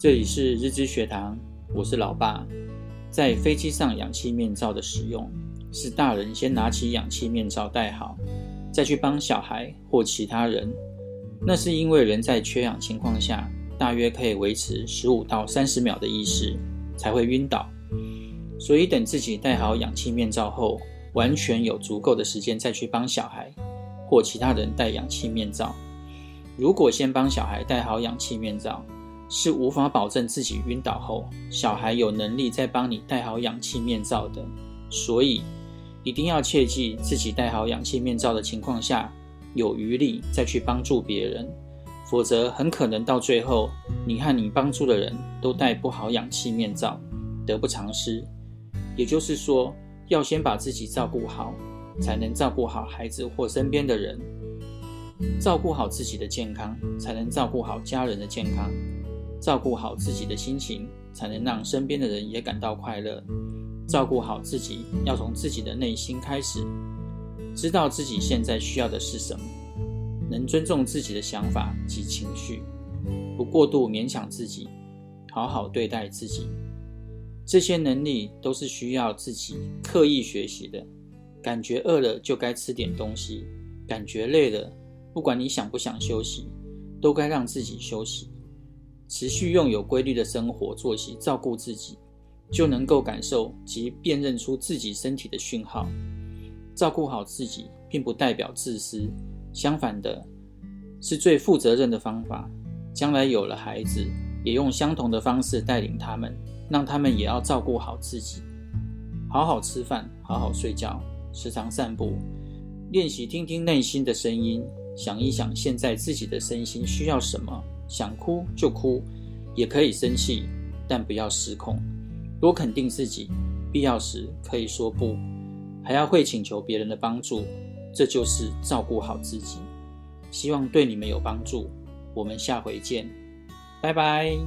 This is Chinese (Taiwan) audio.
這裡是日之學堂，我是老爸。在飛機上氧氣面罩的使用是大人先拿起氧氣面罩戴好，再去幫小孩或其他人。那是因為人在缺氧情況下，大約可以維持十五到三十秒的意識，才會暈倒。所以等自己戴好氧氣面罩後，完全有足夠的時間再去幫小孩或其他人戴氧氣面罩。如果先幫小孩戴好氧氣面罩，是無法保證自己暈倒後，小孩有能力再幫你戴好氧氣面罩的。所以，一定要切記自己戴好氧氣面罩的情況下，有餘力再去幫助別人。否則，很可能到最後，你和你幫助的人都戴不好氧氣面罩，得不償失。也就是說，要先把自己照顧好，才能照顧好孩子或身邊的人。照顧好自己的健康，才能照顧好家人的健康。照顧好自己的心情，才能讓身邊的人也感到快樂。照顧好自己，要從自己的內心開始，知道自己現在需要的是什麼，能尊重自己的想法及情緒，不過度勉強自己，好好對待自己。這些能力都是需要自己刻意學習的。感覺餓了就該吃點東西，感覺累了，不管你想不想休息，都該讓自己休息。持續用有規律的生活作息照顧自己，就能夠感受及辨認出自己身體的訊號。照顧好自己，並不代表自私，相反的，是最負責任的方法。將來有了孩子，也用相同的方式帶領他們，讓他們也要照顧好自己，好好吃飯，好好睡覺，時常散步，練習聽聽內心的聲音，想一想現在自己的身心需要什麼。想哭就哭，也可以生氣，但不要失控。多肯定自己，必要時可以說不，還要會請求別人的幫助。這就是照顧好自己。希望對你們有幫助。我們下回見，拜拜。